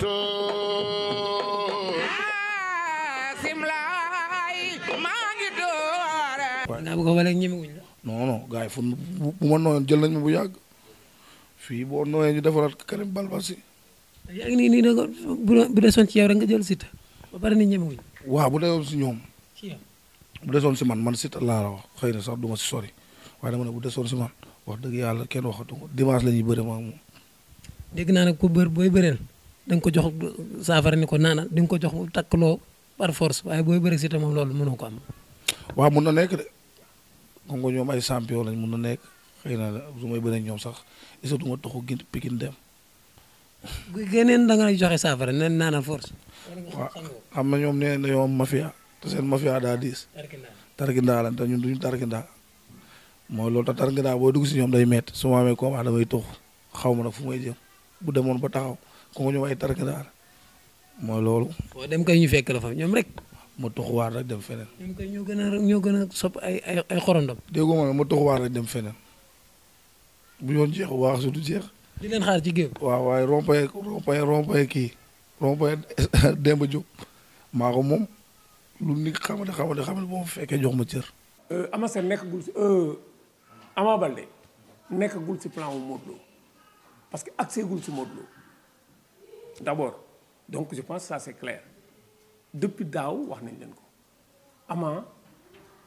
door asim ah, laay maa ngi door naa bëgg wala ñemewuñ la non non gars yi fu bu ma nooyoon jël nañ ma boo nooyee ñu defaraat nga jël Siteu ba pare ni ñemewuñ bu si ñoom bu desoon man man Siteu xëy na sax du ma si sori waaye dama ne wax dëgg yàlla kenn waxatu ko dimanche la dégg naa ne ku booy bëreel da nga ko jox saafara ni ko naanal di nga ko jox takkloo force waaye booy bëri moom loolu mënoo ko waaw mun na nekk de moom nga ñoom ay lañ mun na nekk xëy na su may bëri ñoom sax est-ce que du ma taxu gin pikin dem. geneen saafara ne naanal force. waaw am na ñoom nee nañoo mafia te seen mafia daa diis. tarkindaa lan te ñun duñu tarkindaa mooy loolu te tarkindaa boo dugg si ñoom day métti su ma amee combat damay tox xaw ma nag fu may jëm bu demoon ba taxaw. ku ma ñëw ay tarkadaar mooy loolu. boo dem kay ñu fekk la fa ñoom rek. ma toxuwaar rek dem gën a ñoo gën a sopp ay ay ay xorondam. déggoo ma ne ma toxuwaar rek dem feneen bu yoon jeex bu su du jeex. di leen xaar ci géew. waaw waaye rompaye rompaye rompaye kii rompaye Demba Diop maa ko moom lu nit xamante xamante xamante boo fekkee jox ma cër. Euh, Ama Sène nekkagul si euh, Ama Baldé nekkagul si plan wu Modou Lo parce que accès gul si Modou Lo d'abord donc je pense que ça c'est clair daaw wax nañ leen ko Ama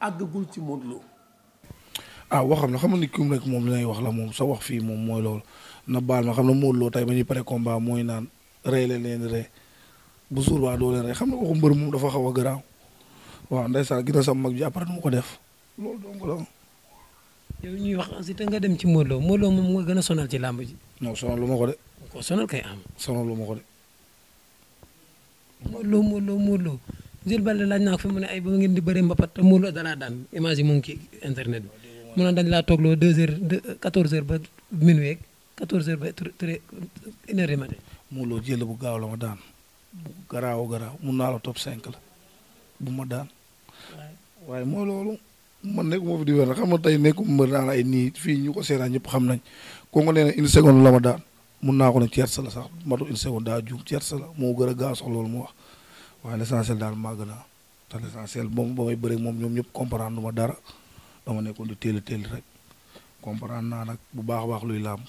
àggagul ci Modou Lo. ah waxam na xam ni kum rek moom lay wax la moom sa wax fii moom mooy loolu na baal ma xam ne Modou Lo tey ba ñuy pare combat mooy naan rey leen rey bu suur baa doo leen rey xam ne waxu mbër moom dafa xaw a garaaw waaw ndeysaan gis na sama mag ji après nu ko def loolu donc la. yow ñuy nga dem ci Modou Lo Modou Lo gën a sonal ci làmb ji. non sonal lu ko de. koo sonal kay am. ko de. Modou Lo Modou Lo Modou Lo Jules Baldé laaj naa ko fi mu ne ay ba ngeen di bëri mbapat te Modou Lo dalaa daan image yi mu ngi ci internet bi mu ne dañ laa toogloo deux heures deux quatorze heures ba minuit quatorze heures ba très une heure du matin. Modou Lo jël bu gaaw mun naa la cinq la ma daan. waaye loolu man nekk moo fi di wér xam nga tey nekkum mbër naa ay nii fii ñu ko seetaan ñëpp xam nañ ko nga nee na une la ma daan. mun naa ko ne tierce la sax matu une seconde daa juum tierce la moo a gaaw sax loolu mu wax waaye l'essentiel daal màgg naa te l'essentiel moom ba may bëre moom ñoom ñëpp comprendre ma dara dama nekkoon di teel a teel rek comprendre naa nag bu baax a baax luy làmb.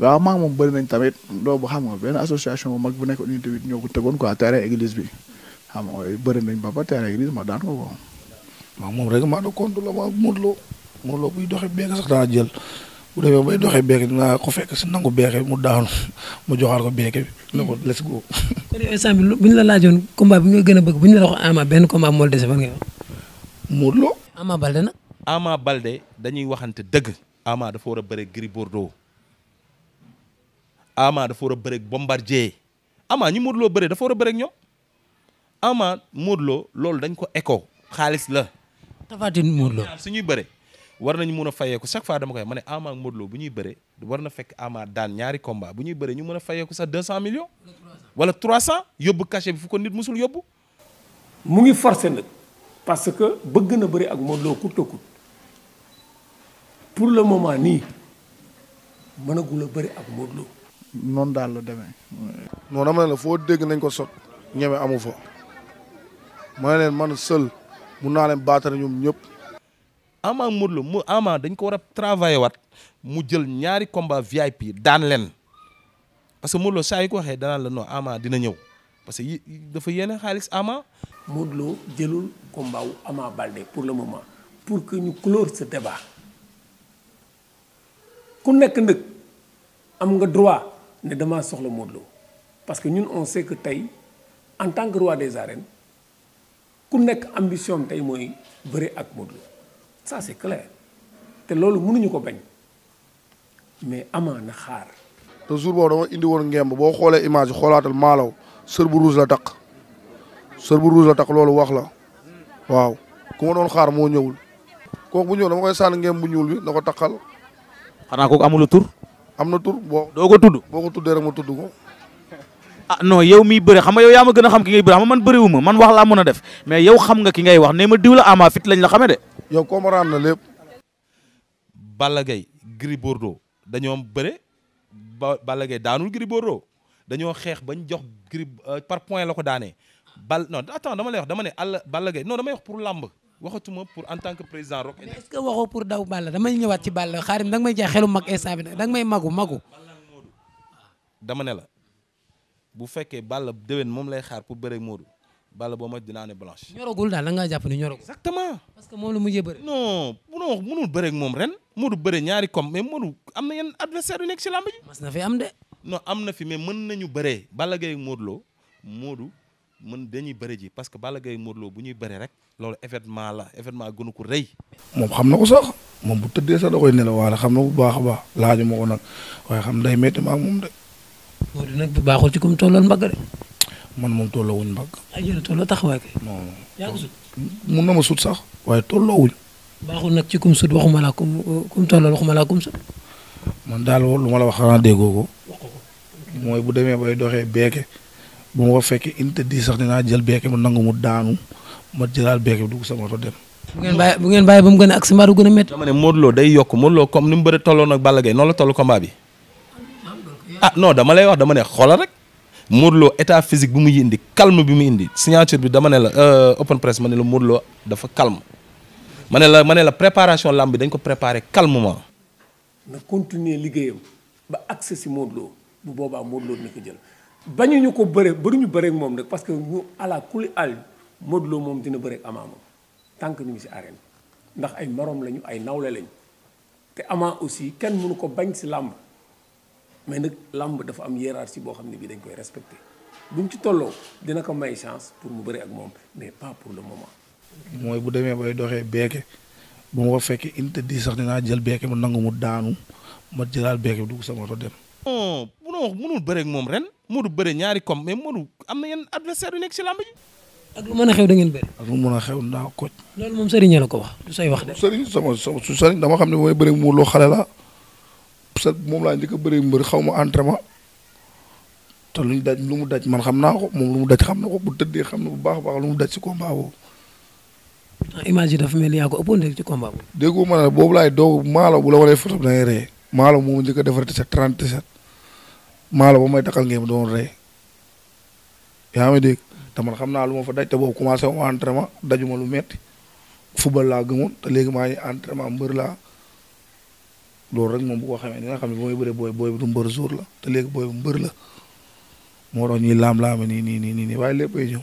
waaw maa moom bëri nañ tamit loolu xam nga benn association bu mag bu nekk unité bi ñoo ko tegoon quoi terrain église bi xam nga bëri nañ ba ba terrain église ma daan ko ko. waaw moom rek maa doon compte la ma Modou Lo Modou Lo buy doxee beeg sax daa jël bu demee bay doxee beeke dinaa ko fekk si nangu beeke mu daanu mu joxaat ko beeke bi ne ko let's go. kon bu ñu la laajoon combat bi nga gën bëgg bu ñu la wax Ama benn combat Balde nag. Ama Balde dañuy waxante dëgg. Ama dafa war a bëre Gris Bordeaux Ama dafa war a bëre Bombardier Ama ñu Modou loo bëree dafa war a bëre ak ñoom Ama loolu dañ ko écho xaalis la. Tapha Tine Modou war nañu mun a fayeeku chaque fois dama koy ma ne Ama ak Modou Lo bu ñuy bëre war na fekk Ama daan ñaari combat bu ñuy bëre ñu mën a fayeeku sax 200 millions. wala 300 yóbbu cachet bi fu ko nit musul yóbbu. mu ngi forcé nag parce que bëgg na bëri ak Modou Lo coûte que pour le moment nii mënagul a bëri ak Modou Lo. noonu daal la demee. non dama ne la foo dégg nañ ko sot ñeme amu fa ma ne leen man seul mun naa leen baatare ñoom ñëpp. Ama ak Modou Lo mu Ama dañ ko war a travailler waat mu jël ñaari combat VIP daan leen parce que Modou Lo saa yu ko waxee danaan la non Ama dina ñëw parce que dafa yéene xaalis Ama. Modou jëlul combat wu Ama pour le moment pour que ñu clore ce débat ku nekk ndëg am nga droit ne dama soxla Modou Lo parce que ñun on sait tey en tant que roi des arènes ku nekk ambition tey mooy bëre ak Modou ça c'est clair te loolu mënuñu ko bañ mais amaa na xaar. te jour boobu dama indi woon ngemb boo xoolee image yi xoolaatal maalaw sër bu rouge la takk loolu wax la waaw ku ma doon xaar moo ñëwul kooku bu ñëw dama koy sànn ngemb bu ñuul bi na ko takkal. xanaa kooku amul tur. am na tur boo. doo ko tudd boo ko tuddee rek ma tudd ko. ah non yow miy bëre xam nga yow gën a xam ki ngay bëre xam man bëriwu man wax laa mën a def mais yow xam nga ki ngay wax nee lañ la yow comprendre na lépp. Balla Gaye Gris Bordeaux dañoo bëre ba Balla Gaye daanul Gris da dañoo xeex bañ jox Gris euh, par point la ko daanee bal non attends dama lay wax dama ne àll Balla Gaye non damay wax pour lamb waxatuma pour en tant que président Rock. mais est-ce que waxoo pour daw Balla damay ñëwaat ci Balla xaarim danga may jaay xelu mag instant bi danga may magu magu. dama ne la bu fekkee Balla déwén moom lay xaar pour bëre Modou Balla boo ma dinaa ne blanche. ñoragul daal la ngaa jàpp ni ñoragul. exactement parce que moom la mujjee bëri. non munoo munul moom ren. Modou bëre ñaari kom mais Modou am na yenn adversaire yu nekk si làmb na fi am de. non am fi mais mën nañu bëree Balla Gaye ak Modou Lo mën dañuy bëri ji parce que Balla Gaye ak bu ñuy bëree rek. loolu événement la événement gënu ko rëy. moom xam na ku sax moom bu tëddee sax da koy nelawaale xam na ku baax a baax laaju ma ko xam day métti ma ak moom de. Modou na bu baaxul ci kum tolloon mbagg de. man moom tolloo wuñ mbagg. a tolloo taxawaay kay. non yaa ngi sut. mun na ma sut sax waaye tolloo wuñ. baaxul nag ci kum sut waxuma laa kum kum tolloo waxuma laa kum sut. man daal lu ma la wax xanaa déggoo ko. mooy bu demee bay doxee beeke bu ma ko fekkee inte di sax dinaa jël beeke mu nangu mu daanu ma jëlaat beeke bi dugg sama oto dem. bu ngeen bàyyi bu ngeen bàyyi ba mu gën a ak si mbaaru gën a métti. dama ne day yokk Modou comme ni mu bëri tolloo nag Balla Gaye noonu la toll combat ah, ah non dama lay wax dama ne xoolal rek. Modou état physique bi mu indi calme bi mu indi signature bi dama ne la euh, open press ma ne la Modou Lo dafa calme ma ne la ma ne la préparation làmb bi dañ ko préparer calmement. na continuer liggéeyam ba accès si Modou bu boobaa Modou Lo dina ko jël bañuñu ñu ko bëree bëruñu ñu ak moom nag parce que ñu ala kulli àll Modou moom dina bëri ak Ama moom tant que ñu ngi si arène ndax ay morom lañu ay nawle lañu te Ama aussi kenn mënu ko bañ si làmb. mais nag làmb dafa am hiérarchie boo xam ne bii dañ koy bu mu ci tolloo dina ko may chance pour mu bëri ak moom mais pas pour le moment. mooy bu demee bay doxee beeke bu ma fekkee unité di sax dinaa jël beeke mu nangu mu daanu ma jëlaat beeke bi dugg sama to dem. non munoo munul bëre ak moom ren Modou bëre ñaari kom mais Modou am na yenn adversaire yu nekk si làmb ji. ak lu mën a xew da bëri. ak lu mën a xew naa ko. loolu moom sëriñ la ko wax du say wax de. sëriñ sama sama su sëriñ dama xam ne mooy bëri mu loo xale la set moom laa njëkk a bëree mbër xaw ma entraînement te lu ñu daj lu mu daj man xam naa ko moom lu mu daj xam na ko bu tëddee xam na bu baax a baax lu mu daj si combat boobu. image yi ci combat boobu. Ah, déggu ma laay doog maalo bu la waree photo bi da ngay njëkk defar ci 37 maalo ba may takkal ngeen doon ree yaa ngi dégg te xam naa lu ma fa daj te boobu commencé wu ma entraînement dajuma lu metti football laa gëmoon te léegi maa ngi entraînement mbër laa. loolu rek moom bu ko xamee dina xam ne bu may bëree booy booy bi du mbër jour la te léegi booy bu mbër la moo tax ñuy laam-laame nii nii nii nii waaye léppay ñëw